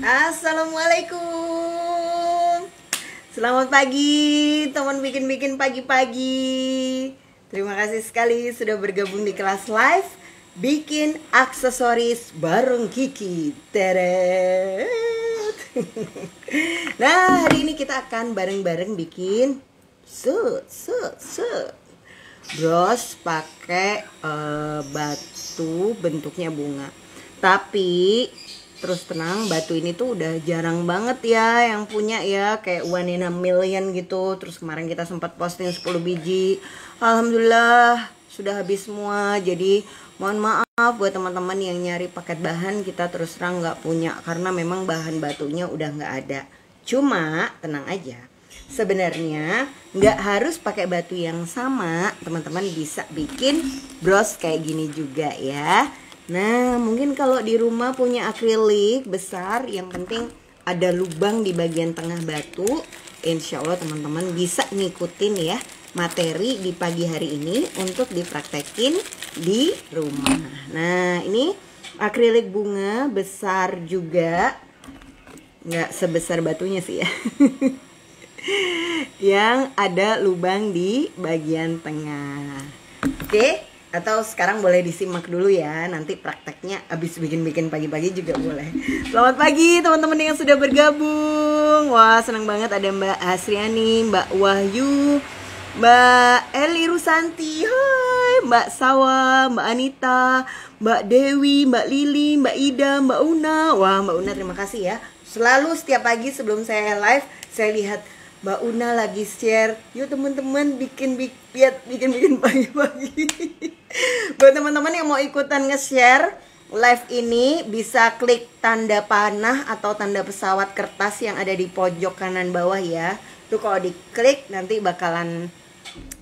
Assalamualaikum Selamat pagi teman bikin-bikin pagi-pagi Terima kasih sekali sudah bergabung di kelas live Bikin aksesoris bareng Kiki Teret Nah hari ini kita akan bareng-bareng bikin Sut, sut, sut Bros pakai uh, batu bentuknya bunga tapi terus tenang batu ini tuh udah jarang banget ya yang punya ya kayak one in a million gitu terus kemarin kita sempat posting 10 biji alhamdulillah sudah habis semua jadi mohon maaf buat teman-teman yang nyari paket bahan kita terus terang nggak punya karena memang bahan batunya udah nggak ada cuma tenang aja sebenarnya nggak harus pakai batu yang sama teman-teman bisa bikin bros kayak gini juga ya Nah, mungkin kalau di rumah punya akrilik besar, yang penting ada lubang di bagian tengah batu. Insya Allah teman-teman bisa ngikutin ya materi di pagi hari ini untuk dipraktekin di rumah. Nah, ini akrilik bunga besar juga. Nggak sebesar batunya sih ya. yang ada lubang di bagian tengah. Oke atau sekarang boleh disimak dulu ya nanti prakteknya abis bikin-bikin pagi-pagi juga boleh selamat pagi teman-teman yang sudah bergabung wah senang banget ada Mbak Asriani Mbak Wahyu Mbak Eli Rusanti Hai Mbak Sawa Mbak Anita Mbak Dewi Mbak Lili Mbak Ida Mbak Una wah Mbak Una terima kasih ya selalu setiap pagi sebelum saya live saya lihat Mbak Una lagi share, yuk teman-teman bikin bikin bikin bikin pagi-pagi. Buat teman-teman yang mau ikutan nge-share live ini bisa klik tanda panah atau tanda pesawat kertas yang ada di pojok kanan bawah ya. Tuh kalau diklik nanti bakalan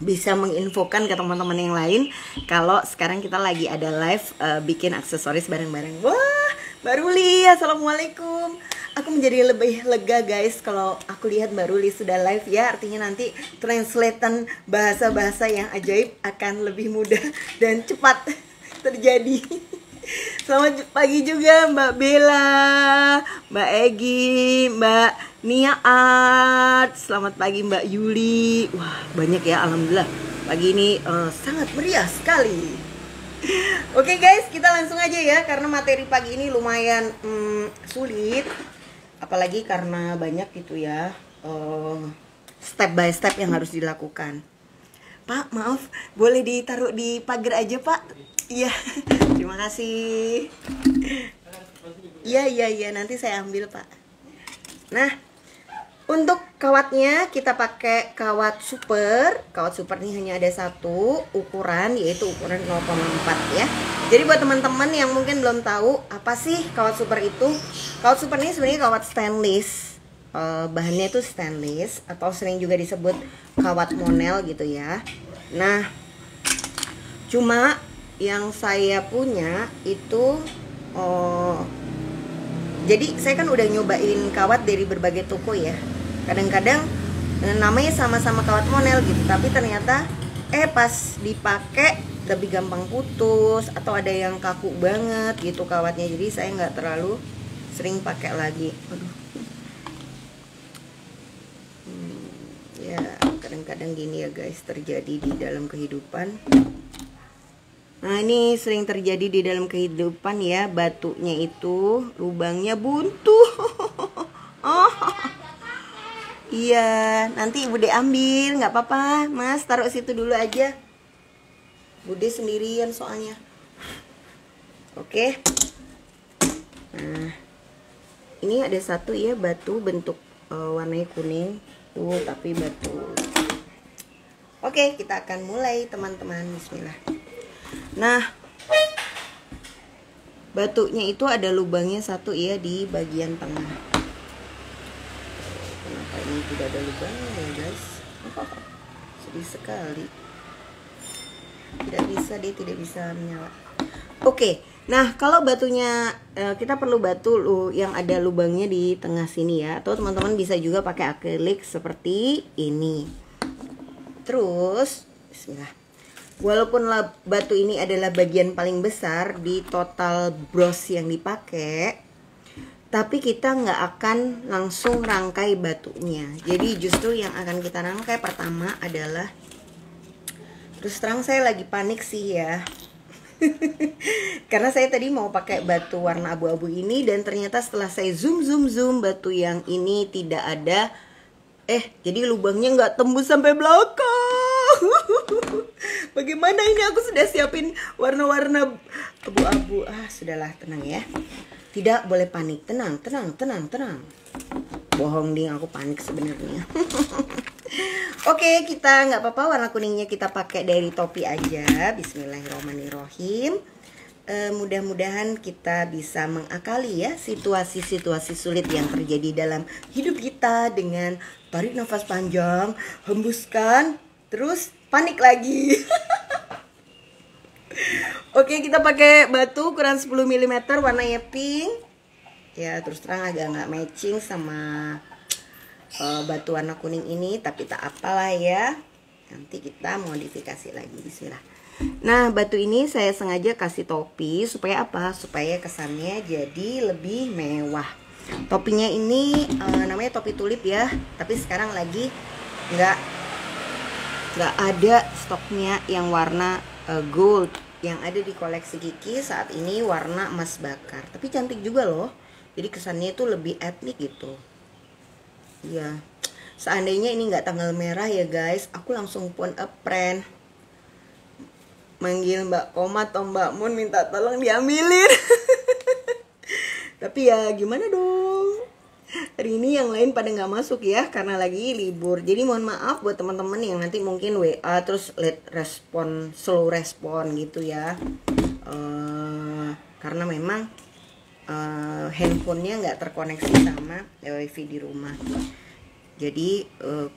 bisa menginfokan ke teman-teman yang lain kalau sekarang kita lagi ada live uh, bikin aksesoris bareng-bareng. Wah, Baru lihat Assalamualaikum. Aku menjadi lebih lega guys kalau aku lihat Baru lihat sudah live ya. Artinya nanti translatean bahasa-bahasa yang ajaib akan lebih mudah dan cepat terjadi. Selamat pagi juga Mbak Bella, Mbak Egi, Mbak Nia Art. Selamat pagi Mbak Yuli. Wah, banyak ya alhamdulillah. Pagi ini uh, sangat meriah sekali. Oke okay guys, kita langsung aja ya karena materi pagi ini lumayan um, sulit. Apalagi karena banyak gitu ya uh, step by step yang harus dilakukan. Pak, maaf, boleh ditaruh di pagar aja, Pak? Iya, terima kasih. Iya, iya, iya, nanti saya ambil, Pak. Nah, untuk kawatnya kita pakai kawat super. Kawat super ini hanya ada satu ukuran yaitu ukuran 0,4 ya. Jadi buat teman-teman yang mungkin belum tahu apa sih kawat super itu? Kawat super ini sebenarnya kawat stainless. Eh, bahannya itu stainless atau sering juga disebut kawat monel gitu ya. Nah, cuma yang saya punya itu oh jadi saya kan udah nyobain kawat dari berbagai toko ya kadang-kadang eh, namanya sama-sama kawat monel gitu tapi ternyata eh pas dipakai lebih gampang putus atau ada yang kaku banget gitu kawatnya jadi saya nggak terlalu sering pakai lagi Aduh. Hmm, ya kadang-kadang gini ya guys terjadi di dalam kehidupan Nah ini sering terjadi di dalam kehidupan ya Batunya itu lubangnya buntu Oh Iya nanti Bude ambil nggak apa-apa Mas taruh situ dulu aja Bude sendirian soalnya Oke Nah ini ada satu ya batu bentuk uh, warnanya kuning tuh oh, tapi batu Oke kita akan mulai teman-teman Bismillah Nah, batunya itu ada lubangnya satu ya di bagian tengah. Kenapa ini tidak ada lubangnya ya guys? Oh, sedih sekali. Tidak bisa dia tidak bisa menyala. Oke, nah kalau batunya eh, kita perlu batu yang ada lubangnya di tengah sini ya. Atau teman-teman bisa juga pakai akrilik seperti ini. Terus, Bismillah Walaupun batu ini adalah bagian paling besar di total bros yang dipakai, tapi kita nggak akan langsung rangkai batunya. Jadi justru yang akan kita rangkai pertama adalah terus terang saya lagi panik sih ya. Karena saya tadi mau pakai batu warna abu-abu ini dan ternyata setelah saya zoom zoom zoom batu yang ini tidak ada eh jadi lubangnya nggak tembus sampai belakang Bagaimana ini aku sudah siapin warna-warna abu-abu. Ah, sudahlah, tenang ya. Tidak boleh panik. Tenang, tenang, tenang, tenang. Bohong nih, aku panik sebenarnya. Oke, kita nggak apa-apa warna kuningnya kita pakai dari topi aja. Bismillahirrahmanirrahim. E, Mudah-mudahan kita bisa mengakali ya situasi-situasi sulit yang terjadi dalam hidup kita dengan tarik nafas panjang, hembuskan, terus panik lagi Oke kita pakai batu ukuran 10 mm warnanya pink ya terus terang agak nggak matching sama uh, batu warna kuning ini tapi tak apalah ya nanti kita modifikasi lagi Bismillah nah batu ini saya sengaja kasih topi supaya apa supaya kesannya jadi lebih mewah topinya ini uh, namanya topi tulip ya tapi sekarang lagi nggak nggak ada stoknya yang warna uh, gold yang ada di koleksi Kiki saat ini warna emas bakar tapi cantik juga loh jadi kesannya itu lebih etnik gitu ya seandainya ini nggak tanggal merah ya guys aku langsung pun a friend manggil Mbak Koma atau Mbak Mun minta tolong diambilin tapi ya gimana dong hari ini yang lain pada nggak masuk ya karena lagi libur. Jadi mohon maaf buat teman-teman yang nanti mungkin WA terus late respon, slow respon gitu ya. Uh, karena memang uh, handphonenya nggak terkoneksi sama wifi di rumah. Jadi uh,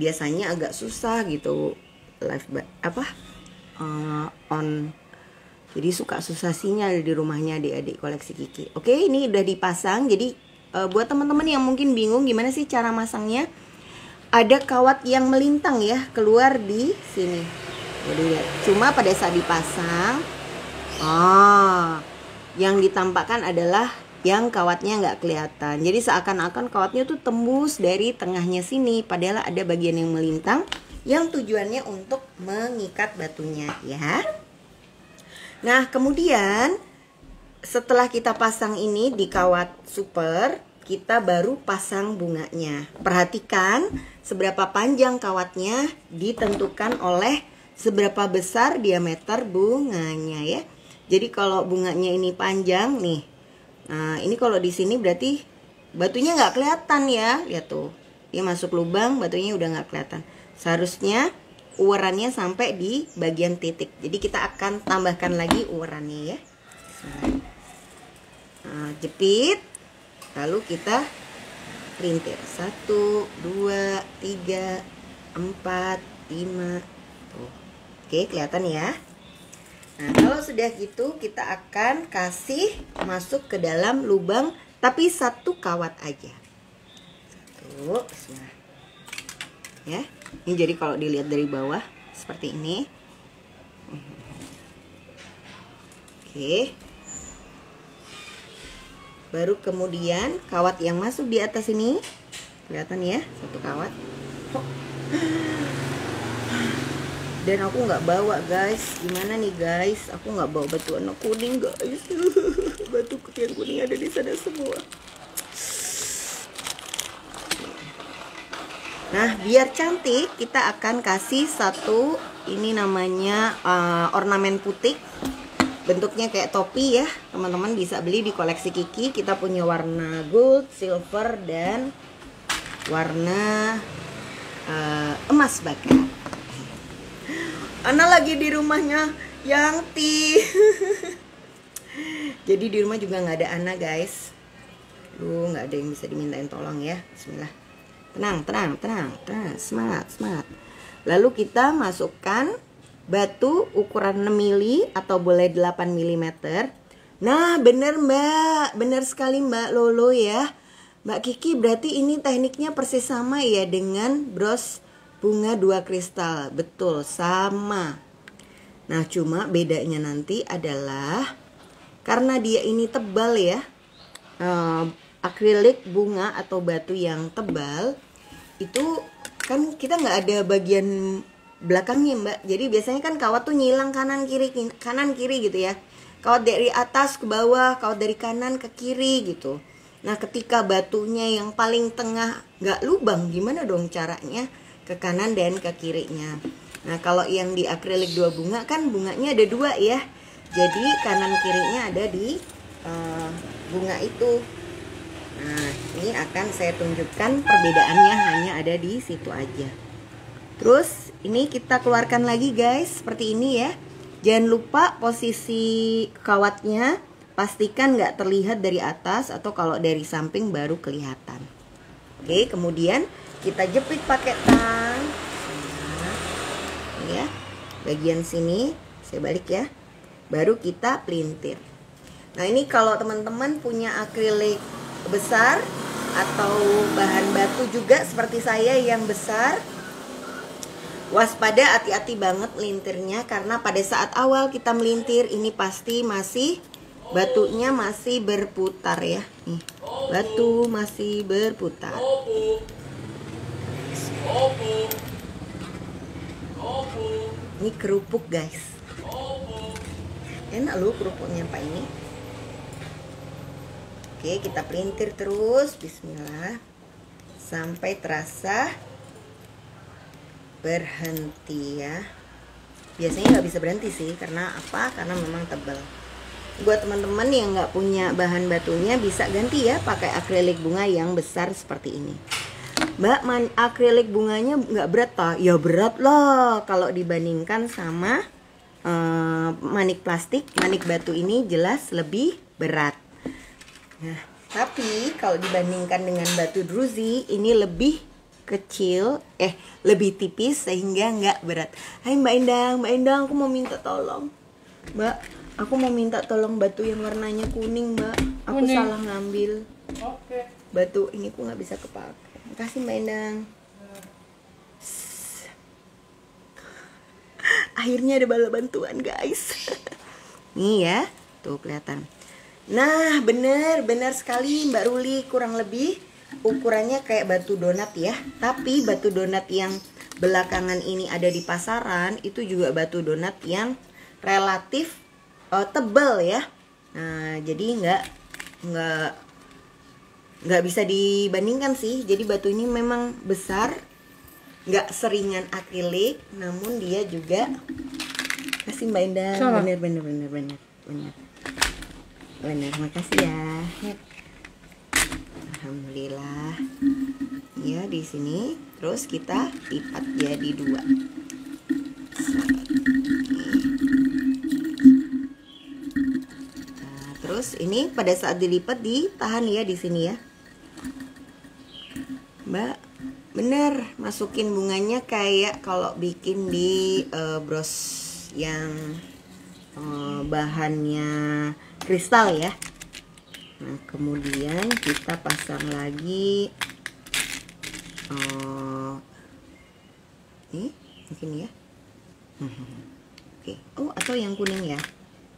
biasanya agak susah gitu live apa uh, on jadi suka susah sinyal di rumahnya adik-adik koleksi Kiki. Oke, ini udah dipasang. Jadi uh, buat teman-teman yang mungkin bingung gimana sih cara masangnya ada kawat yang melintang ya keluar di sini jadi ya cuma pada saat dipasang ah yang ditampakkan adalah yang kawatnya nggak kelihatan jadi seakan-akan kawatnya tuh tembus dari tengahnya sini padahal ada bagian yang melintang yang tujuannya untuk mengikat batunya ya nah kemudian setelah kita pasang ini di kawat super, kita baru pasang bunganya. Perhatikan seberapa panjang kawatnya ditentukan oleh seberapa besar diameter bunganya ya. Jadi kalau bunganya ini panjang nih, nah ini kalau di sini berarti batunya nggak kelihatan ya, lihat tuh. Dia masuk lubang, batunya udah nggak kelihatan. Seharusnya uwarannya sampai di bagian titik. Jadi kita akan tambahkan lagi uwarannya ya. Bismillah nah, jepit lalu kita rintir satu dua tiga empat lima Tuh. oke kelihatan ya nah kalau sudah gitu kita akan kasih masuk ke dalam lubang tapi satu kawat aja satu nah. ya ini jadi kalau dilihat dari bawah seperti ini oke baru kemudian kawat yang masuk di atas ini kelihatan ya satu kawat dan aku nggak bawa guys gimana nih guys aku nggak bawa batu warna kuning guys batu yang kuning ada di sana semua nah biar cantik kita akan kasih satu ini namanya uh, ornamen putih bentuknya kayak topi ya teman-teman bisa beli di koleksi Kiki kita punya warna gold silver dan warna uh, emas bakar Ana lagi di rumahnya yang ti jadi di rumah juga nggak ada Ana guys lu nggak ada yang bisa dimintain tolong ya Bismillah tenang tenang tenang tenang semangat semangat lalu kita masukkan batu ukuran 6 mili atau boleh 8 mm. Nah, bener Mbak, bener sekali Mbak Lolo ya. Mbak Kiki berarti ini tekniknya persis sama ya dengan bros bunga dua kristal. Betul, sama. Nah, cuma bedanya nanti adalah karena dia ini tebal ya. Eh, akrilik bunga atau batu yang tebal itu kan kita nggak ada bagian belakangnya mbak jadi biasanya kan kawat tuh nyilang kanan kiri kanan kiri gitu ya kawat dari atas ke bawah kawat dari kanan ke kiri gitu nah ketika batunya yang paling tengah nggak lubang gimana dong caranya ke kanan dan ke kirinya nah kalau yang di akrilik dua bunga kan bunganya ada dua ya jadi kanan kirinya ada di uh, bunga itu nah ini akan saya tunjukkan perbedaannya hanya ada di situ aja Terus ini kita keluarkan lagi guys seperti ini ya. Jangan lupa posisi kawatnya pastikan nggak terlihat dari atas atau kalau dari samping baru kelihatan. Oke, kemudian kita jepit pakai tang. ya. Bagian sini saya balik ya. Baru kita pelintir. Nah, ini kalau teman-teman punya akrilik besar atau bahan batu juga seperti saya yang besar waspada hati-hati banget melintirnya karena pada saat awal kita melintir ini pasti masih batunya masih berputar ya nih batu masih berputar ini kerupuk guys enak loh kerupuknya pak ini oke kita pelintir terus bismillah sampai terasa berhenti ya biasanya nggak bisa berhenti sih karena apa karena memang tebal buat teman-teman yang nggak punya bahan batunya bisa ganti ya pakai akrilik bunga yang besar seperti ini Mbak man akrilik bunganya nggak berat pak ya berat loh kalau dibandingkan sama uh, manik plastik manik batu ini jelas lebih berat nah tapi kalau dibandingkan dengan batu druzi ini lebih kecil eh lebih tipis sehingga nggak berat Hai Mbak Endang Mbak Endang aku mau minta tolong Mbak aku mau minta tolong batu yang warnanya kuning Mbak aku kuning. salah ngambil Oke okay. batu ini aku nggak bisa kepake makasih Mbak Endang akhirnya ada bala bantuan guys nih ya tuh kelihatan nah benar-benar sekali Mbak Ruli kurang lebih ukurannya kayak batu donat ya tapi batu donat yang belakangan ini ada di pasaran itu juga batu donat yang relatif uh, eh, tebal ya nah jadi nggak nggak nggak bisa dibandingkan sih jadi batu ini memang besar nggak seringan akrilik namun dia juga kasih mbak Indah bener bener bener bener bener bener makasih ya alhamdulillah ya di sini terus kita lipat jadi dua nah, terus ini pada saat dilipat ditahan ya di sini ya mbak bener masukin bunganya kayak kalau bikin di uh, bros yang uh, bahannya kristal ya Nah, kemudian kita pasang lagi oh, eh, eh, ini mungkin ya. Oke. Okay. Oh, atau yang kuning ya.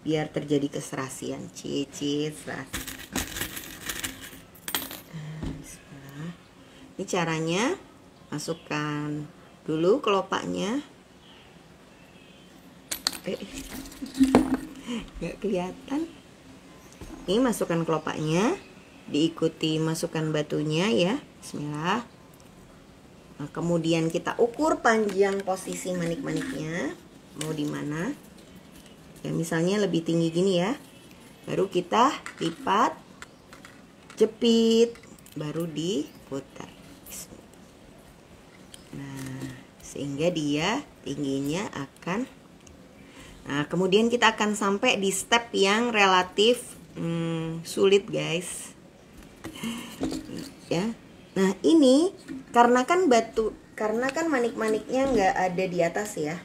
Biar terjadi keserasian. Cici serasi. Nah, ini caranya masukkan dulu kelopaknya. Eh, eh. nggak kelihatan. Ini masukkan kelopaknya, diikuti masukkan batunya ya. Bismillah. Nah, kemudian kita ukur panjang posisi manik-maniknya mau di mana. Ya misalnya lebih tinggi gini ya. Baru kita lipat, jepit, baru diputar. Nah, sehingga dia tingginya akan Nah, kemudian kita akan sampai di step yang relatif hmm, sulit guys ya nah ini karena kan batu karena kan manik-maniknya nggak ada di atas ya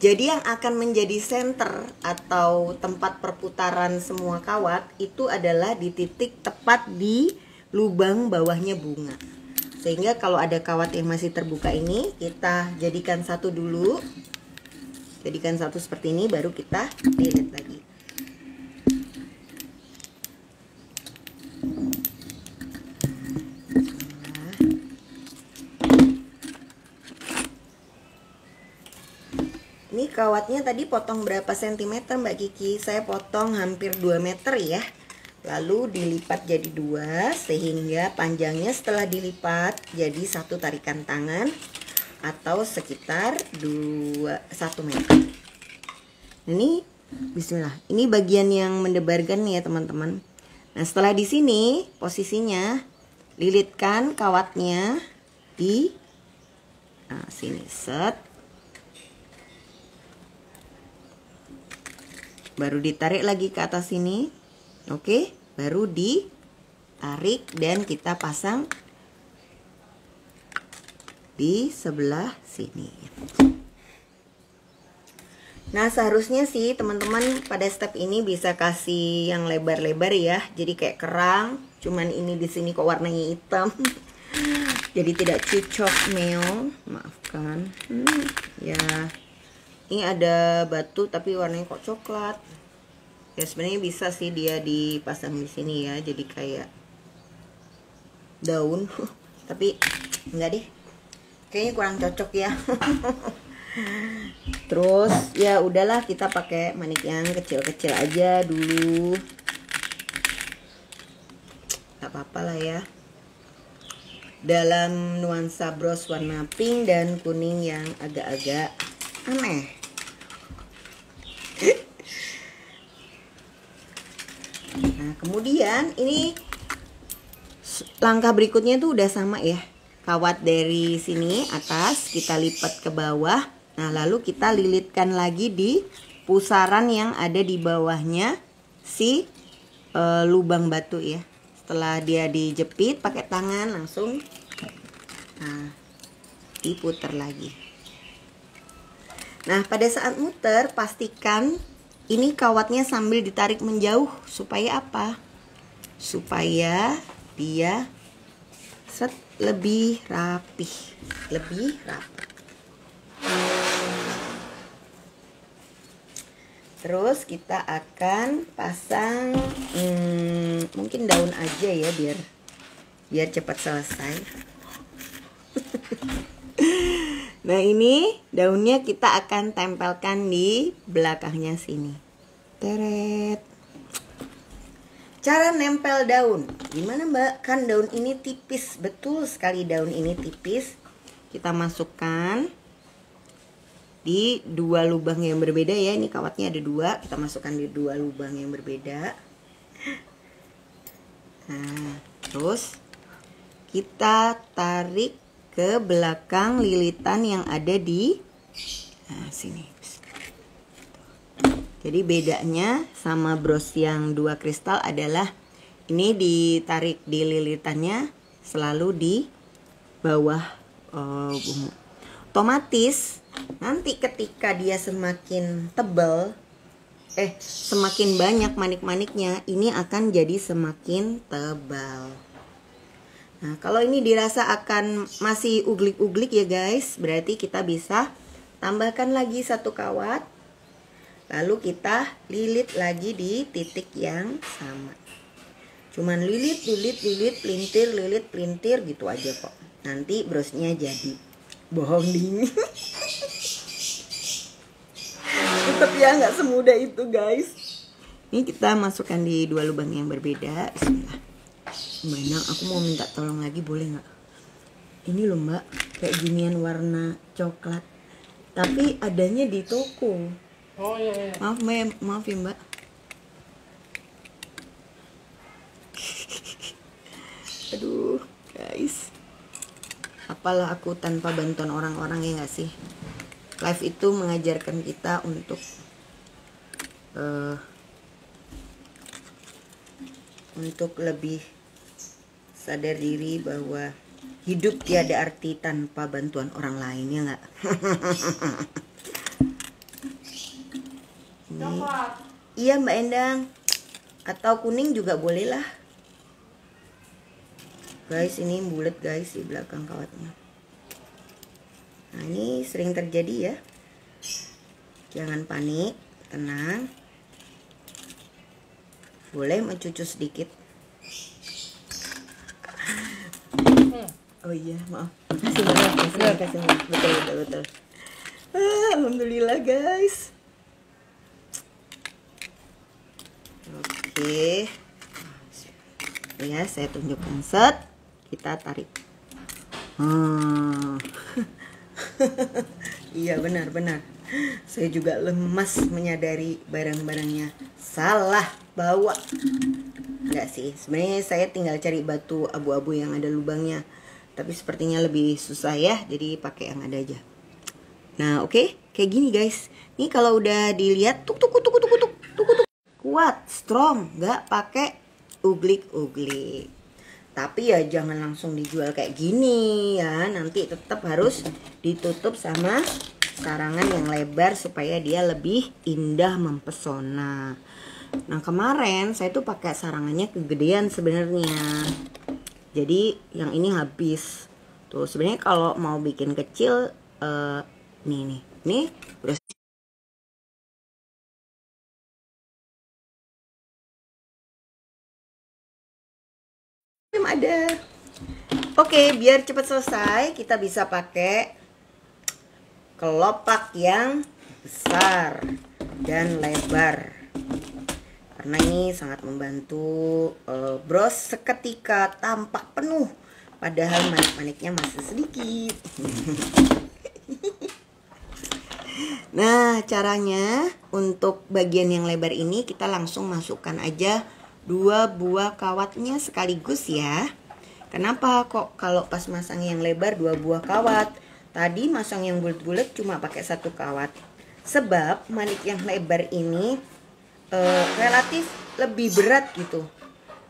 jadi yang akan menjadi center atau tempat perputaran semua kawat itu adalah di titik tepat di lubang bawahnya bunga. Sehingga kalau ada kawat yang masih terbuka ini kita jadikan satu dulu. Jadikan satu seperti ini baru kita lihat lagi. kawatnya tadi potong berapa sentimeter Mbak Kiki? Saya potong hampir 2 meter ya. Lalu dilipat jadi dua sehingga panjangnya setelah dilipat jadi satu tarikan tangan atau sekitar 2 1 meter. Ini bismillah. Ini bagian yang mendebarkan nih ya teman-teman. Nah, setelah di sini posisinya lilitkan kawatnya di nah, sini set baru ditarik lagi ke atas sini oke okay? baru ditarik dan kita pasang di sebelah sini Nah seharusnya sih teman-teman pada step ini bisa kasih yang lebar-lebar ya Jadi kayak kerang Cuman ini di sini kok warnanya hitam Jadi tidak cocok Neo. Maafkan hmm, Ya ini ada batu tapi warnanya kok coklat ya sebenarnya bisa sih dia dipasang di sini ya jadi kayak daun tapi enggak deh kayaknya kurang cocok ya terus ya udahlah kita pakai manik yang kecil-kecil aja dulu nggak apa-apa lah ya dalam nuansa bros warna pink dan kuning yang agak-agak aneh nah kemudian ini langkah berikutnya itu udah sama ya kawat dari sini atas kita lipat ke bawah nah lalu kita lilitkan lagi di pusaran yang ada di bawahnya si e, lubang batu ya setelah dia dijepit pakai tangan langsung nah diputar lagi Nah, pada saat muter pastikan ini kawatnya sambil ditarik menjauh supaya apa? Supaya dia set lebih rapih, lebih rapi. Terus kita akan pasang hmm, mungkin daun aja ya biar biar cepat selesai. Nah ini daunnya kita akan tempelkan di belakangnya sini. Teret. Cara nempel daun. Gimana mbak? Kan daun ini tipis. Betul sekali daun ini tipis. Kita masukkan di dua lubang yang berbeda ya. Ini kawatnya ada dua. Kita masukkan di dua lubang yang berbeda. Nah, terus kita tarik ke belakang lilitan yang ada di nah, sini. Jadi bedanya sama bros yang dua kristal adalah ini ditarik di lilitannya selalu di bawah uh, Otomatis nanti ketika dia semakin tebal eh semakin banyak manik-maniknya ini akan jadi semakin tebal. Nah, kalau ini dirasa akan masih uglik-uglik ya guys, berarti kita bisa tambahkan lagi satu kawat. Lalu kita lilit lagi di titik yang sama. Cuman lilit, lilit, lilit, pelintir, lilit, pelintir gitu aja kok. Nanti brosnya jadi bohong dingin. Tetap ya nggak semudah itu guys. Ini kita masukkan di dua lubang yang berbeda. Bismillah. Mbak Endang, aku mau minta tolong lagi boleh nggak? Ini loh Mbak, kayak ginian warna coklat. Tapi adanya di toko. Oh iya. iya. Maaf Mbak, ya. maaf ya Mbak. Aduh, guys. Apalah aku tanpa bantuan orang-orang ya nggak sih? Live itu mengajarkan kita untuk uh, untuk lebih sadar diri bahwa hidup tiada arti tanpa bantuan orang lain ya nggak iya mbak Endang atau kuning juga boleh lah guys ini bulat guys di belakang kawatnya nah ini sering terjadi ya jangan panik tenang boleh mencucu sedikit oh iya maaf iya. kasih banyak kasih betul betul betul ah, alhamdulillah guys oke ya saya tunjukkan set kita tarik hmm. iya benar-benar saya juga lemas menyadari barang-barangnya salah bawa enggak sih sebenarnya saya tinggal cari batu abu-abu yang ada lubangnya tapi sepertinya lebih susah ya jadi pakai yang ada aja nah oke okay. kayak gini guys ini kalau udah dilihat tuk tuk tuk tuk tuk tuk tuk, kuat strong nggak pakai uglik uglik tapi ya jangan langsung dijual kayak gini ya nanti tetap harus ditutup sama sarangan yang lebar supaya dia lebih indah mempesona. Nah kemarin saya tuh pakai sarangannya kegedean sebenarnya jadi yang ini habis tuh sebenarnya kalau mau bikin kecil uh, nih nih nih udah ada Oke, biar cepat selesai, kita bisa pakai kelopak yang besar dan lebar karena ini sangat membantu uh, bros seketika tampak penuh padahal manik-maniknya masih sedikit nah caranya untuk bagian yang lebar ini kita langsung masukkan aja dua buah kawatnya sekaligus ya Kenapa kok kalau pas masang yang lebar dua buah kawat? Tadi masang yang bulat-bulat cuma pakai satu kawat. Sebab manik yang lebar ini uh, relatif lebih berat gitu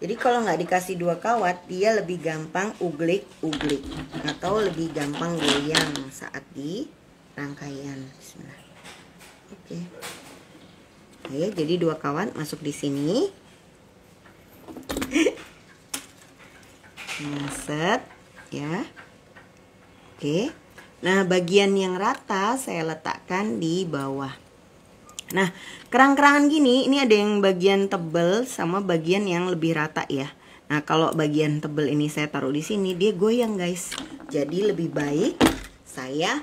jadi kalau nggak dikasih dua kawat dia lebih gampang uglik uglik atau lebih gampang goyang saat di rangkaian oke okay. Nah, ya, oke jadi dua kawan masuk di sini nah, Set, ya oke nah bagian yang rata saya letakkan di bawah Nah, kerang-kerangan gini, ini ada yang bagian tebel sama bagian yang lebih rata ya. Nah, kalau bagian tebel ini saya taruh di sini, dia goyang guys. Jadi lebih baik saya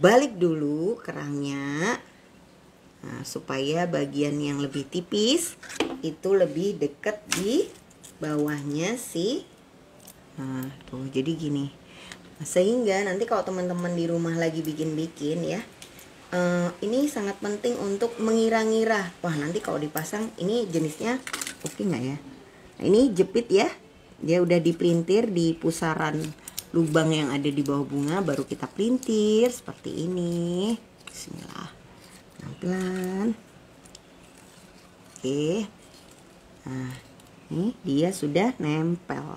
balik dulu kerangnya. Nah, supaya bagian yang lebih tipis itu lebih dekat di bawahnya sih nah, tuh jadi gini sehingga nanti kalau teman-teman di rumah lagi bikin-bikin ya Eh, ini sangat penting untuk mengira-ngira wah nanti kalau dipasang ini jenisnya oke nggak ya nah, ini jepit ya dia udah dipelintir di pusaran lubang yang ada di bawah bunga baru kita pelintir seperti ini Bismillah pelan-pelan oke nah ini dia sudah nempel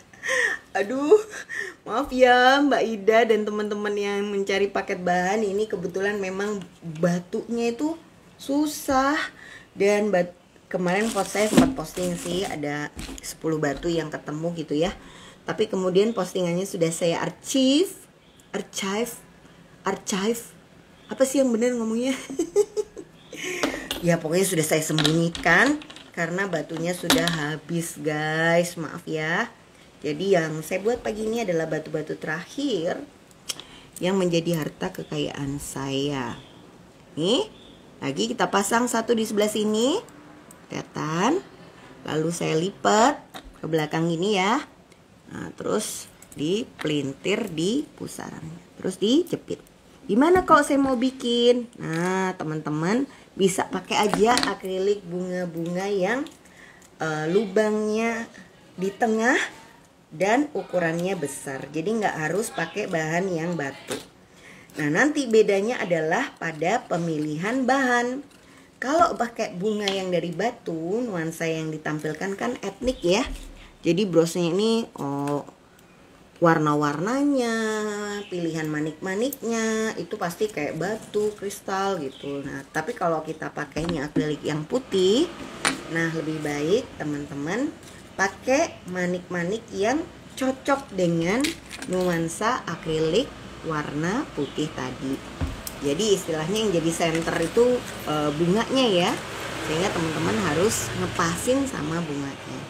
aduh Maaf ya Mbak Ida dan teman-teman yang mencari paket bahan ini kebetulan memang batuknya itu susah dan bat kemarin post saya sempat posting sih ada 10 batu yang ketemu gitu ya. Tapi kemudian postingannya sudah saya archive, archive, archive. Apa sih yang benar ngomongnya? ya pokoknya sudah saya sembunyikan karena batunya sudah habis guys, maaf ya. Jadi yang saya buat pagi ini adalah batu-batu terakhir yang menjadi harta kekayaan saya. Nih, lagi kita pasang satu di sebelah sini. Kelihatan. Lalu saya lipat ke belakang ini ya. Nah, terus di dipelintir di pusarannya. Terus dijepit. Gimana kalau saya mau bikin? Nah, teman-teman bisa pakai aja akrilik bunga-bunga yang uh, lubangnya di tengah dan ukurannya besar jadi nggak harus pakai bahan yang batu nah nanti bedanya adalah pada pemilihan bahan kalau pakai bunga yang dari batu nuansa yang ditampilkan kan etnik ya jadi brosnya ini oh, warna-warnanya pilihan manik-maniknya itu pasti kayak batu kristal gitu nah tapi kalau kita pakainya akrilik yang putih nah lebih baik teman-teman pakai manik-manik yang cocok dengan nuansa akrilik warna putih tadi. Jadi istilahnya yang jadi center itu e, bunganya ya. Sehingga teman-teman harus ngepasin sama bunganya.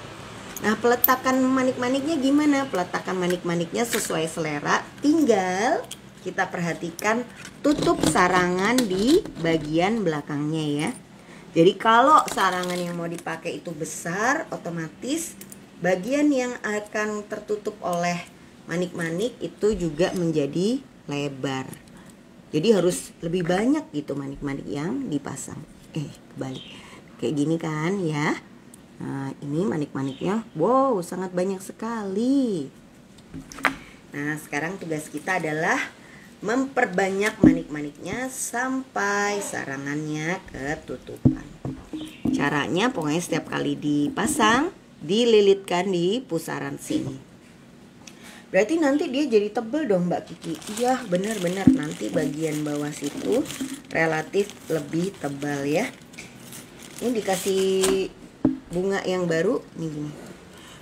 Nah, peletakan manik-maniknya gimana? Peletakan manik-maniknya sesuai selera. Tinggal kita perhatikan tutup sarangan di bagian belakangnya ya. Jadi kalau sarangan yang mau dipakai itu besar, otomatis bagian yang akan tertutup oleh manik-manik itu juga menjadi lebar. Jadi harus lebih banyak gitu manik-manik yang dipasang. Eh, kebalik. Kayak gini kan ya. Nah, ini manik-maniknya. Wow, sangat banyak sekali. Nah, sekarang tugas kita adalah memperbanyak manik-maniknya sampai sarangannya ketutupan. Caranya pokoknya setiap kali dipasang dililitkan di pusaran sini. Berarti nanti dia jadi tebel dong Mbak Kiki. Iya, benar-benar nanti bagian bawah situ relatif lebih tebal ya. Ini dikasih bunga yang baru nih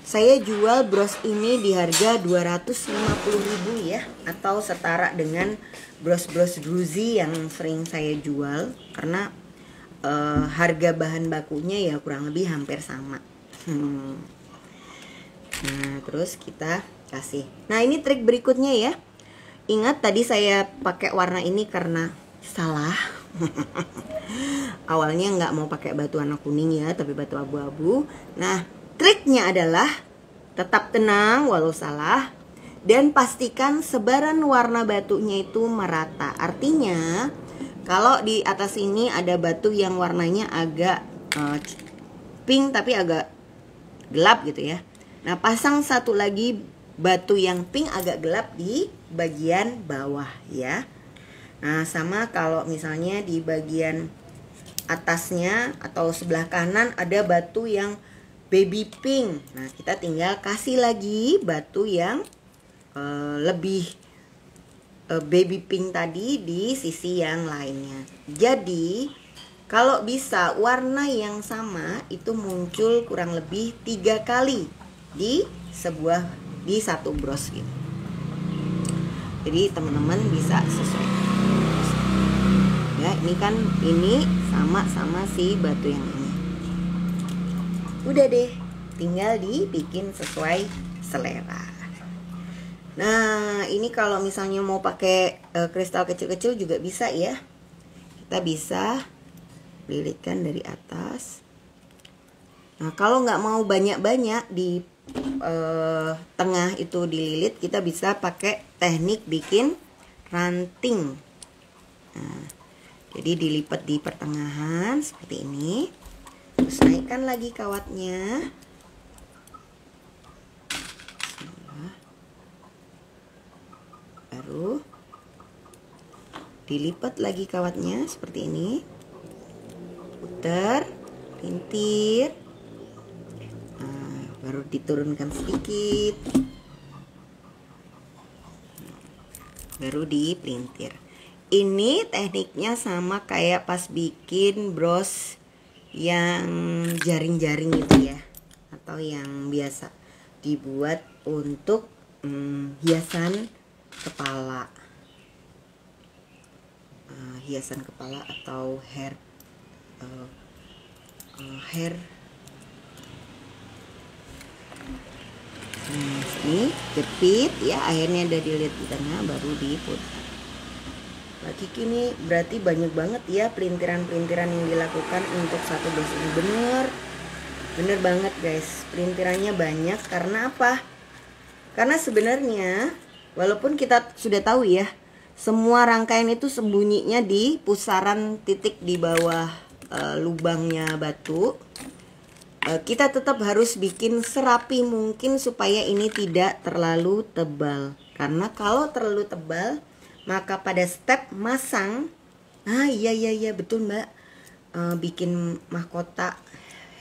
Saya jual bros ini di harga 250.000 ya atau setara dengan bros-bros druzy yang sering saya jual karena uh, harga bahan bakunya ya kurang lebih hampir sama hmm. nah terus kita kasih nah ini trik berikutnya ya ingat tadi saya pakai warna ini karena salah awalnya nggak mau pakai batu warna kuning ya tapi batu abu-abu nah triknya adalah tetap tenang walau salah dan pastikan sebaran warna batunya itu merata artinya kalau di atas ini ada batu yang warnanya agak uh, pink tapi agak gelap gitu ya. Nah, pasang satu lagi batu yang pink agak gelap di bagian bawah ya. Nah, sama kalau misalnya di bagian atasnya atau sebelah kanan ada batu yang baby pink. Nah, kita tinggal kasih lagi batu yang uh, lebih Eh, baby pink tadi di sisi yang lainnya. Jadi, kalau bisa warna yang sama itu muncul kurang lebih tiga kali di sebuah di satu bros gitu. Jadi teman-teman bisa sesuai. Ya, ini kan ini sama sama si batu yang ini. Udah deh, tinggal dibikin sesuai selera. Nah, ini kalau misalnya mau pakai e, kristal kecil-kecil juga bisa ya. Kita bisa lilitkan dari atas. Nah, kalau nggak mau banyak-banyak di e, tengah itu dililit, kita bisa pakai teknik bikin ranting. Nah, jadi dilipat di pertengahan seperti ini. Terus naikkan lagi kawatnya. baru dilipat lagi kawatnya seperti ini putar pintir, nah, baru diturunkan sedikit baru dipelintir ini tekniknya sama kayak pas bikin bros yang jaring-jaring itu ya atau yang biasa dibuat untuk hmm, hiasan kepala uh, hiasan kepala atau hair uh, uh, hair nah ini jepit ya akhirnya ada dilihat di tengah baru diputar Nah, Kiki ini berarti banyak banget ya pelintiran-pelintiran yang dilakukan untuk satu dos ini bener bener banget guys pelintirannya banyak karena apa karena sebenarnya Walaupun kita sudah tahu ya, semua rangkaian itu sembunyinya di pusaran titik di bawah e, lubangnya batu. E, kita tetap harus bikin serapi mungkin supaya ini tidak terlalu tebal. Karena kalau terlalu tebal, maka pada step masang, ah iya iya iya betul mbak, e, bikin mahkota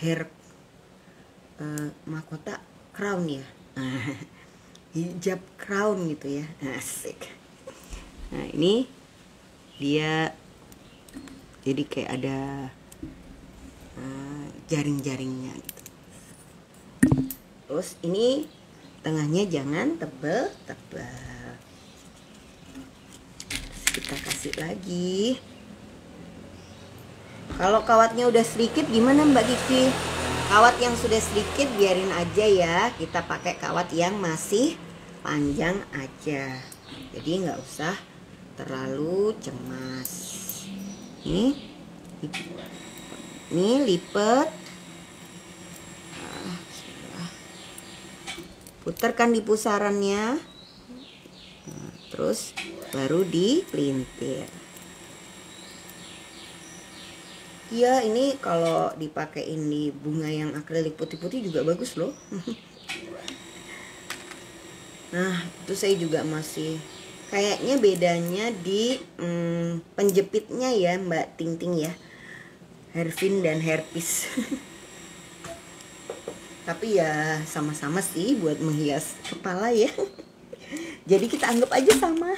herb, mahkota crown ya. hijab crown gitu ya nah, asik nah ini dia jadi kayak ada uh, jaring-jaringnya gitu. terus ini tengahnya jangan tebel-tebel kita kasih lagi kalau kawatnya udah sedikit gimana Mbak Kiki? kawat yang sudah sedikit biarin aja ya kita pakai kawat yang masih panjang aja jadi nggak usah terlalu cemas ini ini lipet ah, putarkan di pusarannya nah, terus baru dipelintir Iya, ini kalau dipakai ini bunga yang akrilik putih-putih juga bagus loh. nah, itu saya juga masih kayaknya bedanya di hmm, penjepitnya ya, Mbak Tingting ya. Hervin dan Herpis. Tapi ya sama-sama sih buat menghias kepala ya. Jadi kita anggap aja sama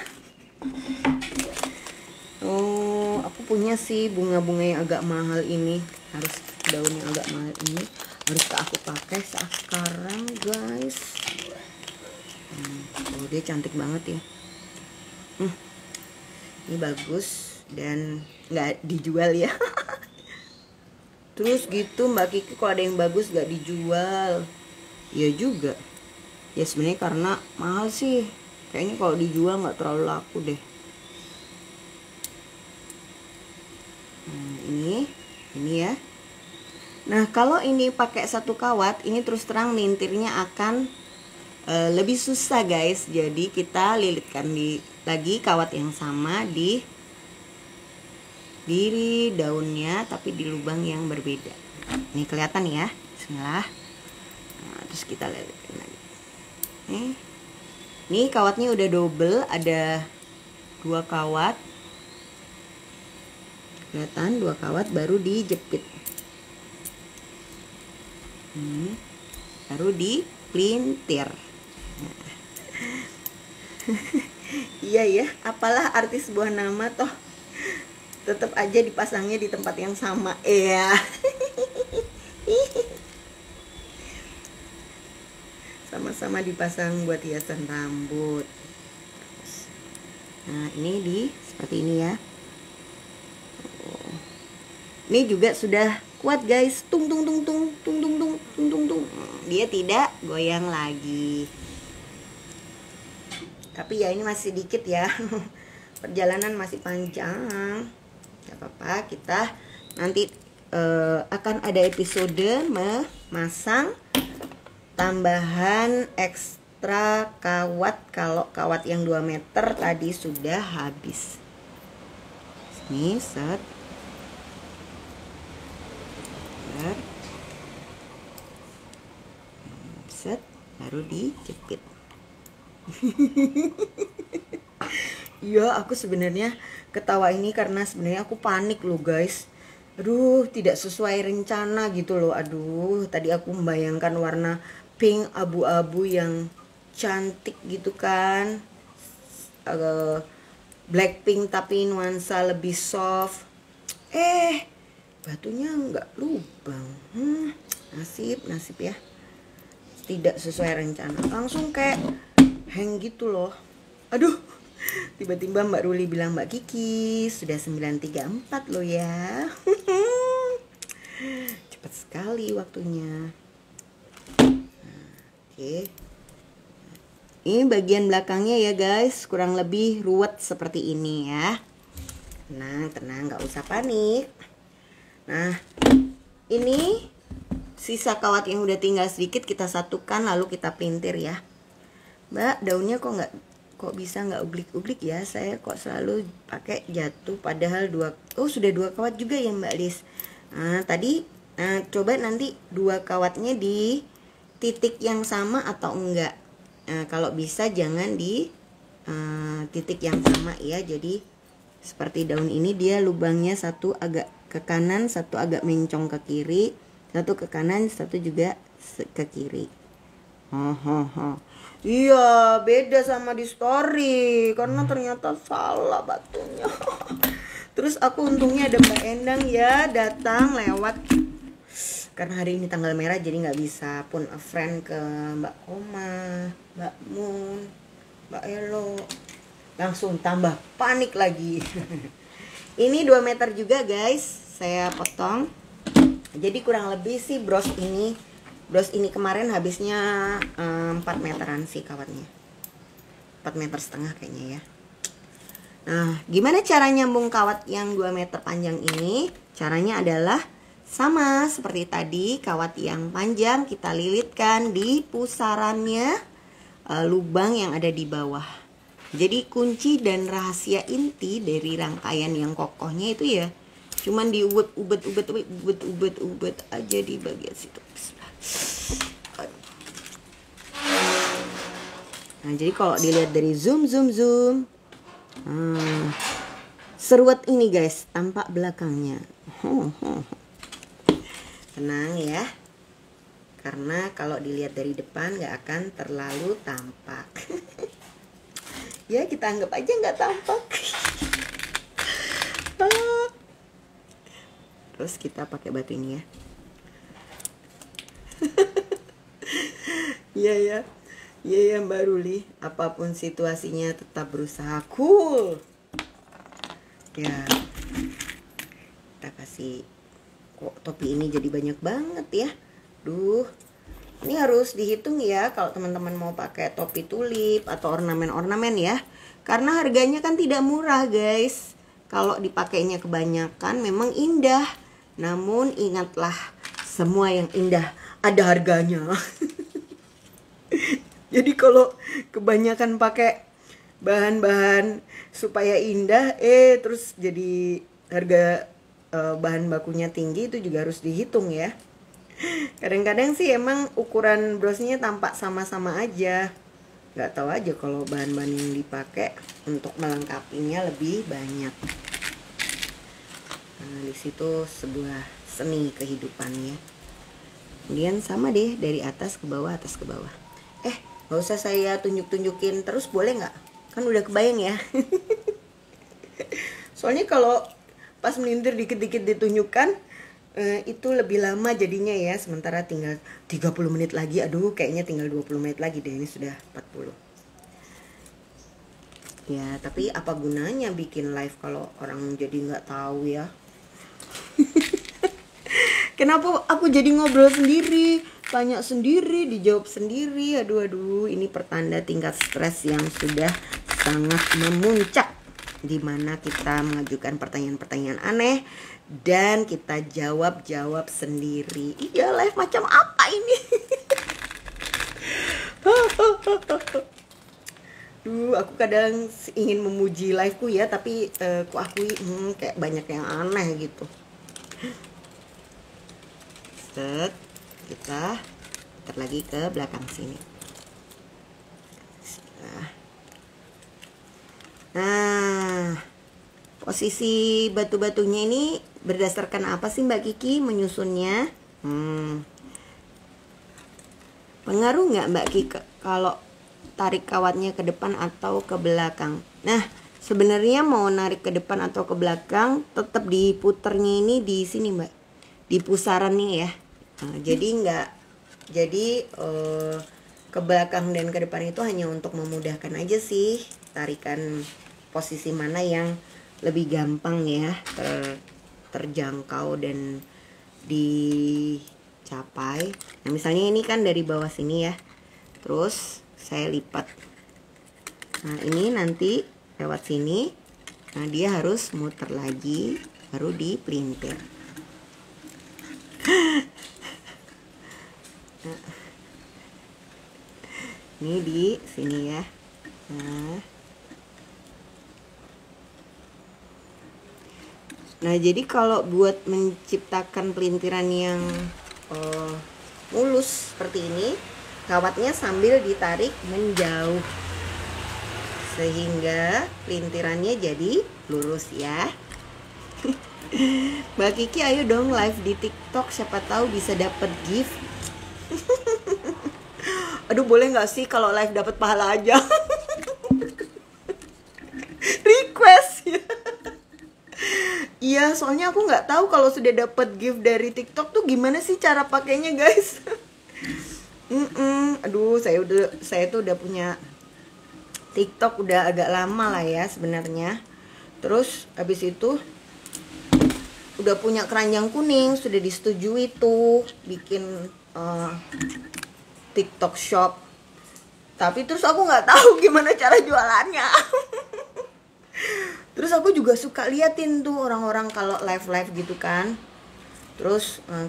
oh aku punya sih bunga-bunga yang agak mahal ini harus daun yang agak mahal ini harus aku pakai sekarang guys hmm, oh dia cantik banget ya hmm, ini bagus dan nggak dijual ya terus gitu mbak Kiki kalau ada yang bagus nggak dijual ya juga ya sebenarnya karena mahal sih kayaknya kalau dijual nggak terlalu laku deh nah, ini ini ya nah kalau ini pakai satu kawat ini terus terang lintirnya akan e, lebih susah guys jadi kita lilitkan di lagi kawat yang sama di diri daunnya tapi di lubang yang berbeda ini kelihatan ya Bismillah nah, terus kita lilitkan lagi nih ini kawatnya udah double ada dua kawat kelihatan dua kawat baru dijepit hmm, baru di nah. iya ya apalah arti sebuah nama toh tetap aja dipasangnya di tempat yang sama ya sama-sama dipasang buat hiasan rambut nah ini di seperti ini ya ini juga sudah kuat guys. Tung tung tung tung tung tung tung tung tung tung. Dia tidak goyang lagi. Tapi ya ini masih dikit ya. Perjalanan masih panjang. Gak apa-apa, kita nanti uh, akan ada episode memasang tambahan ekstra kawat kalau kawat yang 2 meter tadi sudah habis. Ini set lebar hmm, set baru dijepit Iya, aku sebenarnya ketawa ini karena sebenarnya aku panik loh guys. Aduh, tidak sesuai rencana gitu loh. Aduh, tadi aku membayangkan warna pink abu-abu yang cantik gitu kan. Uh, eh, pink tapi nuansa lebih soft. Eh, batunya enggak lubang hmm, nasib nasib ya tidak sesuai rencana langsung kayak hang gitu loh aduh tiba-tiba Mbak Ruli bilang Mbak Kiki sudah 934 loh ya cepat sekali waktunya oke okay. ini bagian belakangnya ya guys kurang lebih ruwet seperti ini ya tenang tenang nggak usah panik Nah, ini sisa kawat yang udah tinggal sedikit kita satukan lalu kita pelintir ya. Mbak, daunnya kok nggak kok bisa nggak ublik-ublik ya? Saya kok selalu pakai jatuh padahal dua oh sudah dua kawat juga ya Mbak Lis. Nah, tadi nah coba nanti dua kawatnya di titik yang sama atau enggak. Nah, kalau bisa jangan di uh, titik yang sama ya. Jadi seperti daun ini dia lubangnya satu agak ke kanan satu agak mencong ke kiri satu ke kanan satu juga ke kiri Hahaha. Iya, beda sama di story karena hmm. ternyata salah batunya. Terus aku untungnya ada Mbak Endang ya datang lewat karena hari ini tanggal merah jadi nggak bisa pun a friend ke Mbak Oma, Mbak Moon Mbak Elo, langsung tambah panik lagi ini 2 meter juga guys saya potong jadi kurang lebih sih bros ini bros ini kemarin habisnya um, eh, 4 meteran sih kawatnya 4 meter setengah kayaknya ya Nah, gimana cara nyambung kawat yang 2 meter panjang ini? Caranya adalah sama seperti tadi, kawat yang panjang kita lilitkan di pusarannya uh, lubang yang ada di bawah. Jadi kunci dan rahasia inti dari rangkaian yang kokohnya itu ya cuman diubet ubet ubet ubet ubet ubet ubet aja di bagian situ. Nah, jadi kalau dilihat dari zoom zoom zoom hmm, seruat ini guys tampak belakangnya. Hmm, hmm, hmm. Tenang ya karena kalau dilihat dari depan nggak akan terlalu tampak. ya kita anggap aja nggak tampak terus kita pakai batu ini ya iya ya iya ya mbak Ruli apapun situasinya tetap berusaha cool ya kita kasih kok topi ini jadi banyak banget ya duh ini harus dihitung ya kalau teman-teman mau pakai topi tulip atau ornamen-ornamen ya karena harganya kan tidak murah guys kalau dipakainya kebanyakan memang indah namun ingatlah semua yang indah ada harganya jadi kalau kebanyakan pakai bahan-bahan supaya indah eh terus jadi harga eh, bahan bakunya tinggi itu juga harus dihitung ya kadang-kadang sih emang ukuran brosnya tampak sama-sama aja nggak tahu aja kalau bahan-bahan yang dipakai untuk melengkapinya lebih banyak nah, di situ sebuah seni kehidupannya kemudian sama deh dari atas ke bawah atas ke bawah eh nggak usah saya tunjuk-tunjukin terus boleh nggak kan udah kebayang ya soalnya kalau pas melintir dikit-dikit ditunjukkan Eh, itu lebih lama jadinya ya sementara tinggal 30 menit lagi aduh kayaknya tinggal 20 menit lagi deh ini sudah 40 ya tapi apa gunanya bikin live kalau orang jadi nggak tahu ya kenapa aku jadi ngobrol sendiri tanya sendiri dijawab sendiri aduh aduh ini pertanda tingkat stres yang sudah sangat memuncak dimana kita mengajukan pertanyaan-pertanyaan aneh dan kita jawab-jawab sendiri. Iya live macam apa ini? Duh, aku kadang ingin memuji liveku ya, tapi uh, ku akui hmm, kayak banyak yang aneh gitu. Set, kita putar lagi ke belakang sini. Nah, nah. Posisi batu-batunya ini berdasarkan apa sih Mbak Kiki menyusunnya? Hmm. Pengaruh nggak Mbak Kiki kalau tarik kawatnya ke depan atau ke belakang? Nah, sebenarnya mau narik ke depan atau ke belakang, tetap diputernya ini di sini Mbak, di pusarannya ya. Nah, jadi nggak, jadi eh, ke belakang dan ke depan itu hanya untuk memudahkan aja sih tarikan posisi mana yang lebih gampang ya ter, terjangkau dan dicapai nah misalnya ini kan dari bawah sini ya terus saya lipat nah ini nanti lewat sini nah dia harus muter lagi baru di pelintir nah, ini di sini ya nah Nah, jadi kalau buat menciptakan pelintiran yang uh, mulus seperti ini, kawatnya sambil ditarik menjauh sehingga pelintirannya jadi lurus ya. Mbak Kiki ayo dong live di TikTok siapa tahu bisa dapat gift. Aduh boleh nggak sih kalau live dapat pahala aja? Request ya. Iya, soalnya aku nggak tahu kalau sudah dapat gift dari TikTok tuh gimana sih cara pakainya, guys. mm -mm. Aduh, saya udah saya tuh udah punya TikTok udah agak lama lah ya sebenarnya. Terus habis itu udah punya keranjang kuning, sudah disetujui tuh bikin uh, TikTok shop. Tapi terus aku nggak tahu gimana cara jualannya. terus aku juga suka liatin tuh orang-orang kalau live live gitu kan terus uh,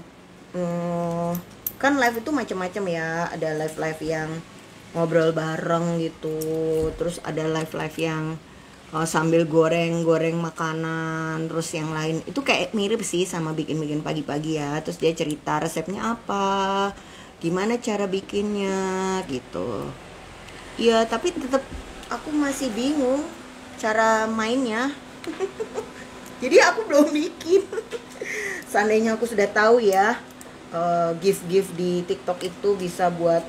uh, kan live itu macam-macam ya ada live live yang ngobrol bareng gitu terus ada live live yang uh, sambil goreng-goreng makanan terus yang lain itu kayak mirip sih sama bikin-bikin pagi-pagi ya terus dia cerita resepnya apa gimana cara bikinnya gitu ya tapi tetap aku masih bingung cara mainnya jadi aku belum bikin seandainya aku sudah tahu ya eh, gift gift gift di TikTok itu bisa buat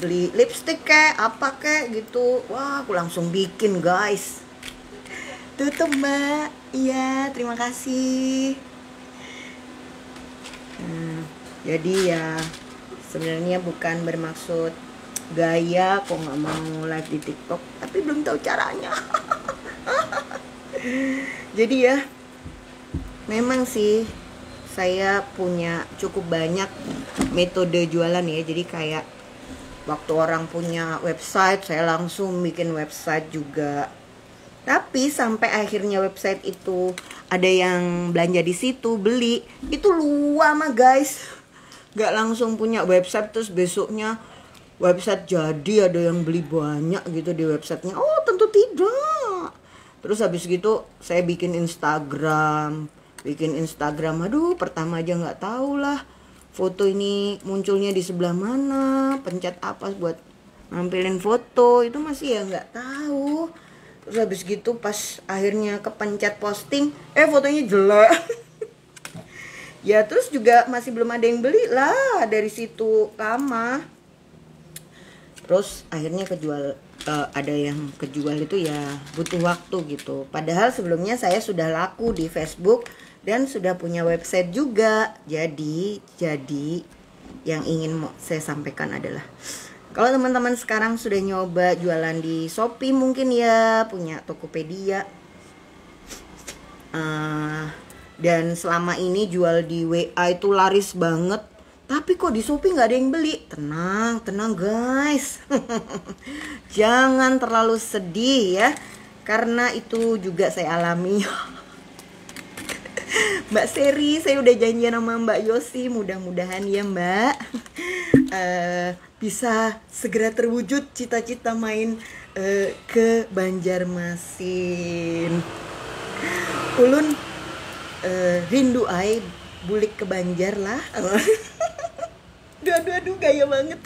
beli lipstick kayak apa kayak gitu wah aku langsung bikin guys tutup mbak iya terima kasih hmm, jadi ya sebenarnya bukan bermaksud gaya kok nggak mau live di TikTok tapi belum tahu caranya jadi ya memang sih saya punya cukup banyak metode jualan ya jadi kayak waktu orang punya website saya langsung bikin website juga tapi sampai akhirnya website itu ada yang belanja di situ beli itu luar mah guys gak langsung punya website terus besoknya website jadi ada yang beli banyak gitu di websitenya oh tentu tidak terus habis gitu saya bikin Instagram bikin Instagram aduh pertama aja nggak tahu lah foto ini munculnya di sebelah mana pencet apa buat nampilin foto itu masih ya nggak tahu terus habis gitu pas akhirnya kepencet posting eh fotonya jelek ya terus juga masih belum ada yang beli lah dari situ lama terus akhirnya kejual uh, ada yang kejual itu ya butuh waktu gitu padahal sebelumnya saya sudah laku di Facebook dan sudah punya website juga jadi jadi yang ingin saya sampaikan adalah kalau teman-teman sekarang sudah nyoba jualan di Shopee mungkin ya punya Tokopedia uh, dan selama ini jual di WA itu laris banget tapi kok di Shopee nggak ada yang beli? Tenang, tenang guys. Jangan terlalu sedih ya. Karena itu juga saya alami. Mbak Seri, saya udah janjian sama Mbak Yosi. Mudah-mudahan ya Mbak uh, bisa segera terwujud cita-cita main uh, ke Banjarmasin. Ulun uh, rindu ai bulik ke Banjar lah dua-dua aduh gaya banget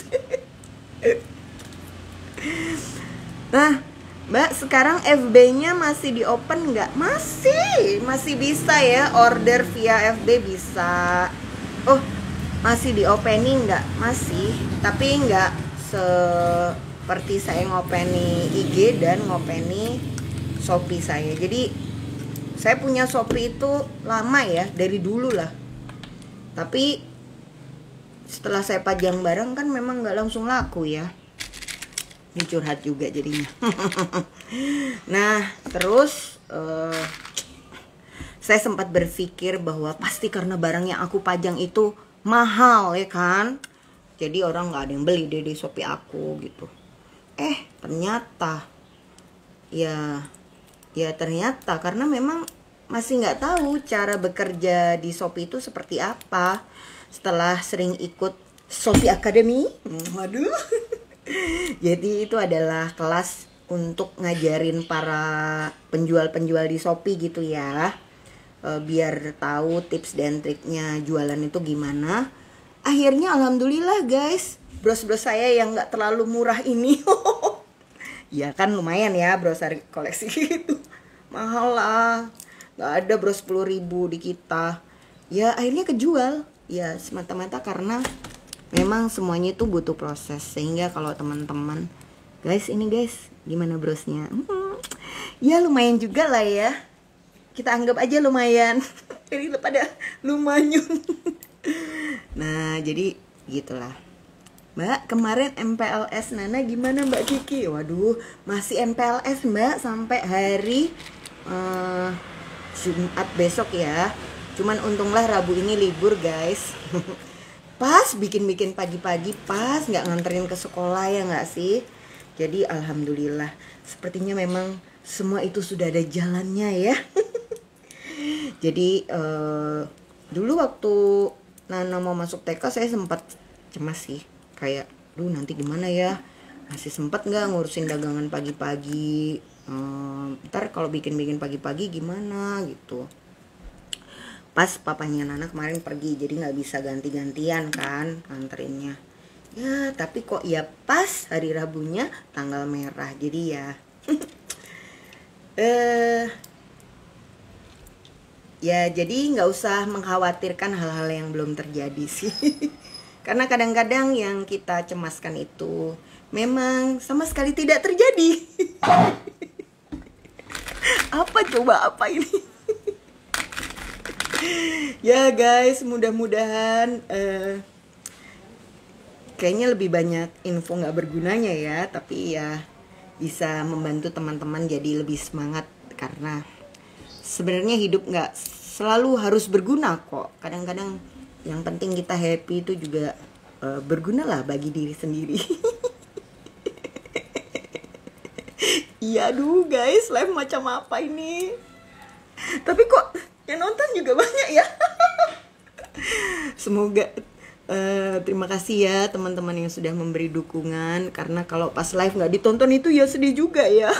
nah mbak sekarang FB-nya masih di open nggak masih masih bisa ya order via FB bisa oh masih di opening nggak masih tapi nggak seperti saya ngopeni IG dan ngopeni Shopee saya jadi saya punya Shopee itu lama ya dari dulu lah tapi setelah saya pajang barang kan memang nggak langsung laku ya ini curhat juga jadinya nah terus uh, saya sempat berpikir bahwa pasti karena barang yang aku pajang itu mahal ya kan jadi orang nggak ada yang beli deh di shopee aku gitu eh ternyata ya ya ternyata karena memang masih nggak tahu cara bekerja di shopee itu seperti apa setelah sering ikut Sophie Academy. Mm, waduh. Jadi itu adalah kelas untuk ngajarin para penjual-penjual di Shopee gitu ya. E, biar tahu tips dan triknya jualan itu gimana. Akhirnya alhamdulillah guys, bros-bros saya yang nggak terlalu murah ini. ya kan lumayan ya bros koleksi gitu. Mahal lah. Gak ada bros 10 ribu di kita. Ya akhirnya kejual ya semata-mata karena memang semuanya itu butuh proses sehingga kalau teman-teman guys ini guys gimana brosnya hmm, ya lumayan juga lah ya kita anggap aja lumayan ini pada lumayan nah jadi gitulah Mbak, kemarin MPLS Nana gimana Mbak Kiki? Waduh, masih MPLS Mbak sampai hari uh, Jumat besok ya. Cuman untunglah Rabu ini libur guys. pas bikin-bikin pagi-pagi, pas nggak nganterin ke sekolah ya nggak sih? Jadi alhamdulillah. Sepertinya memang semua itu sudah ada jalannya ya. Jadi uh, dulu waktu Nana mau masuk TK saya sempat cemas sih kayak, duh nanti gimana ya? Masih sempat nggak ngurusin dagangan pagi-pagi? Hmm, ntar kalau bikin-bikin pagi-pagi gimana gitu? pas papanya Nana kemarin pergi jadi nggak bisa ganti-gantian kan anterinnya ya tapi kok ya pas hari Rabunya tanggal merah jadi ya eh ya jadi nggak usah mengkhawatirkan hal-hal yang belum terjadi sih karena kadang-kadang yang kita cemaskan itu memang sama sekali tidak terjadi apa coba apa ini ya guys, mudah-mudahan uh, kayaknya lebih banyak info nggak bergunanya ya, tapi ya bisa membantu teman-teman jadi lebih semangat karena sebenarnya hidup nggak selalu harus berguna kok. Kadang-kadang yang penting kita happy itu juga uh, berguna lah bagi diri sendiri. Iya, aduh guys, live macam apa ini? Tapi kok yang nonton juga banyak ya semoga Uh, terima kasih ya teman-teman yang sudah memberi dukungan karena kalau pas live nggak ditonton itu ya sedih juga ya.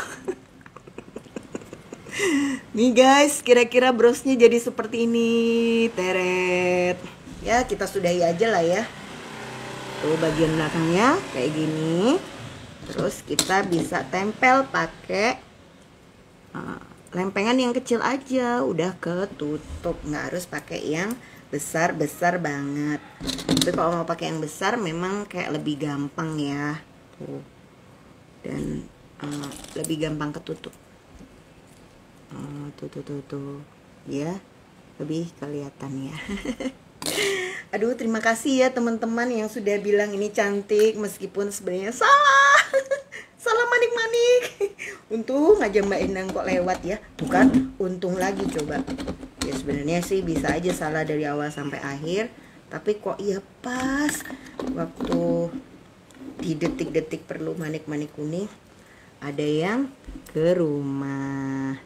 Nih guys, kira-kira brosnya jadi seperti ini. Teret. Ya, kita sudahi aja lah ya. Tuh bagian belakangnya kayak gini. Terus kita bisa tempel pakai uh, lempengan yang kecil aja udah ketutup nggak harus pakai yang besar besar banget tapi kalau mau pakai yang besar memang kayak lebih gampang ya tuh dan uh, lebih gampang ketutup uh, tuh tuh tuh tuh ya lebih kelihatan ya aduh terima kasih ya teman-teman yang sudah bilang ini cantik meskipun sebenarnya salah salam manik-manik untung aja Mbak Endang kok lewat ya bukan untung lagi coba ya sebenarnya sih bisa aja salah dari awal sampai akhir tapi kok ya pas waktu di detik-detik perlu manik-manik kuning ada yang ke rumah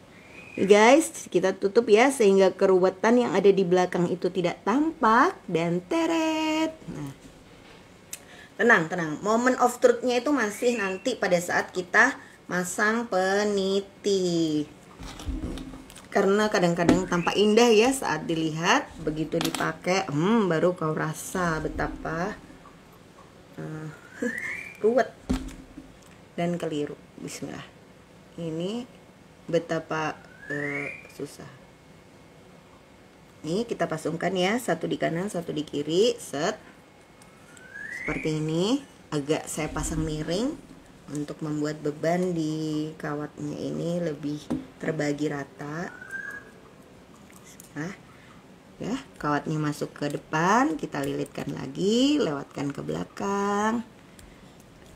Guys, kita tutup ya sehingga keruwetan yang ada di belakang itu tidak tampak dan teret. Nah, tenang tenang moment of truthnya itu masih nanti pada saat kita masang peniti karena kadang-kadang tampak indah ya saat dilihat begitu dipakai hmm baru kau rasa betapa uh, ruwet dan keliru Bismillah ini betapa uh, susah ini kita pasungkan ya satu di kanan satu di kiri set seperti ini agak saya pasang miring untuk membuat beban di kawatnya ini lebih terbagi rata nah ya kawatnya masuk ke depan kita lilitkan lagi lewatkan ke belakang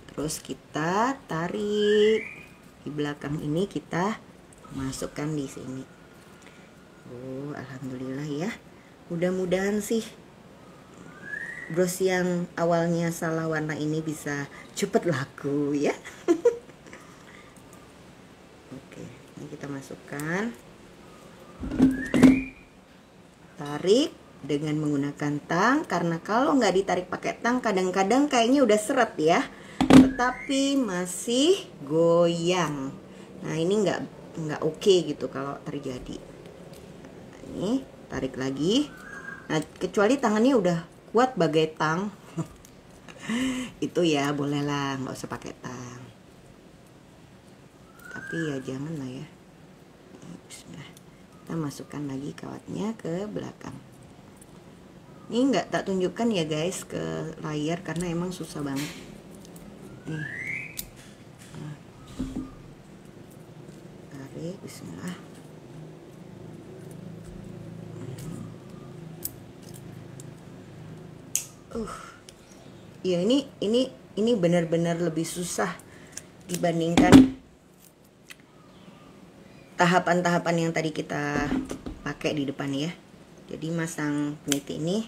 terus kita tarik di belakang ini kita masukkan di sini oh alhamdulillah ya mudah-mudahan sih bros yang awalnya salah warna ini bisa cepet laku ya oke ini kita masukkan tarik dengan menggunakan tang karena kalau nggak ditarik pakai tang kadang-kadang kayaknya udah seret ya tetapi masih goyang nah ini nggak nggak oke okay gitu kalau terjadi ini tarik lagi nah kecuali tangannya udah buat bagai tang itu ya bolehlah nggak usah pakai tang tapi ya jangan lah ya Bismillah kita masukkan lagi kawatnya ke belakang ini nggak tak tunjukkan ya guys ke layar karena emang susah banget nih nah. tarik Bismillah uh ya ini ini ini benar-benar lebih susah dibandingkan tahapan-tahapan yang tadi kita pakai di depan ya jadi masang peniti ini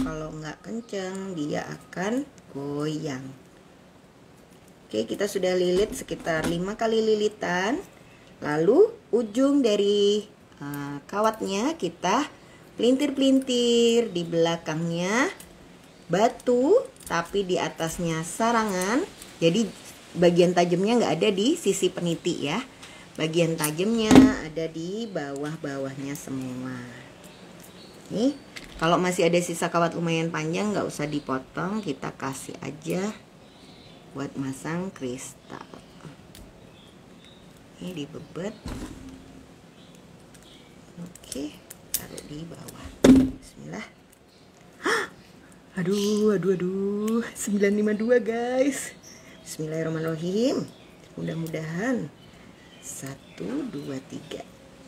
kalau nggak kenceng dia akan goyang oke kita sudah lilit sekitar lima kali lilitan lalu ujung dari uh, kawatnya kita pelintir-pelintir di belakangnya batu tapi di atasnya sarangan jadi bagian tajamnya nggak ada di sisi peniti ya bagian tajamnya ada di bawah-bawahnya semua nih kalau masih ada sisa kawat lumayan panjang nggak usah dipotong kita kasih aja buat masang kristal ini dibebet oke okay taruh di bawah bismillah Hah! aduh aduh aduh 952 guys bismillahirrahmanirrahim mudah-mudahan satu dua tiga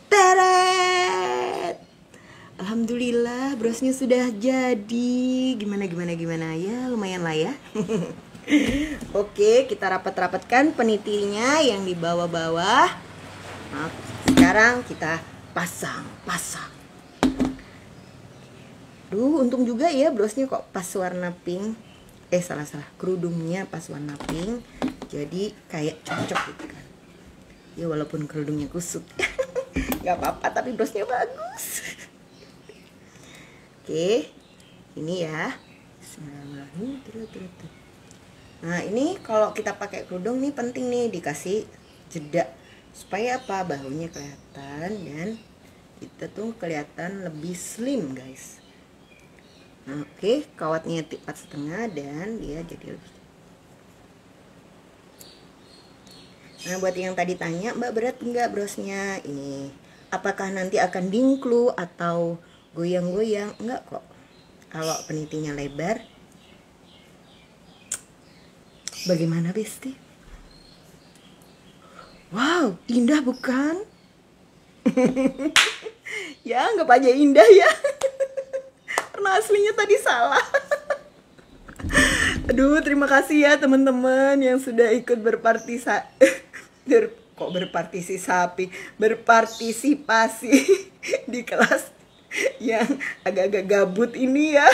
teret Alhamdulillah brosnya sudah jadi Gimana gimana gimana ya lumayan lah ya Oke kita rapat-rapatkan penitinya yang di bawah-bawah Sekarang kita pasang pasang aduh untung juga ya blosnya kok pas warna pink. Eh, salah-salah. Kerudungnya pas warna pink. Jadi kayak cocok gitu kan. Ya walaupun kerudungnya kusut. nggak apa-apa, tapi blosnya bagus. Oke. Ini ya. Nah, ini kalau kita pakai kerudung nih penting nih dikasih jeda supaya apa? Bahunya kelihatan dan kita tuh kelihatan lebih slim, guys. Nah, oke, okay, kawatnya tipat setengah dan dia jadi lebih. Nah, buat yang tadi tanya, Mbak berat enggak brosnya? Ini apakah nanti akan dingklu atau goyang-goyang? Enggak kok. Kalau penitinya lebar, bagaimana Besti? Wow, indah bukan? ya, anggap aja indah ya. warna aslinya tadi salah aduh terima kasih ya teman-teman yang sudah ikut berpartisa ber kok berpartisipasi berpartisipasi di kelas yang agak-agak gabut ini ya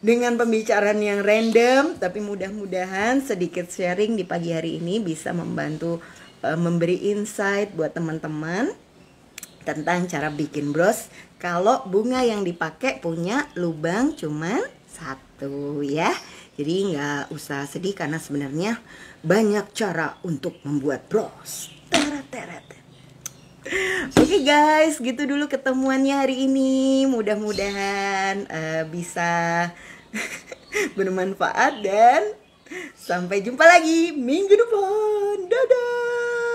dengan pembicaraan yang random tapi mudah-mudahan sedikit sharing di pagi hari ini bisa membantu uh, memberi insight buat teman-teman tentang cara bikin bros kalau bunga yang dipakai punya lubang cuman satu ya. Jadi nggak usah sedih karena sebenarnya banyak cara untuk membuat bros. Teret teret. Oke okay guys, gitu dulu ketemuannya hari ini. Mudah-mudahan uh, bisa bermanfaat dan sampai jumpa lagi minggu depan. Dadah.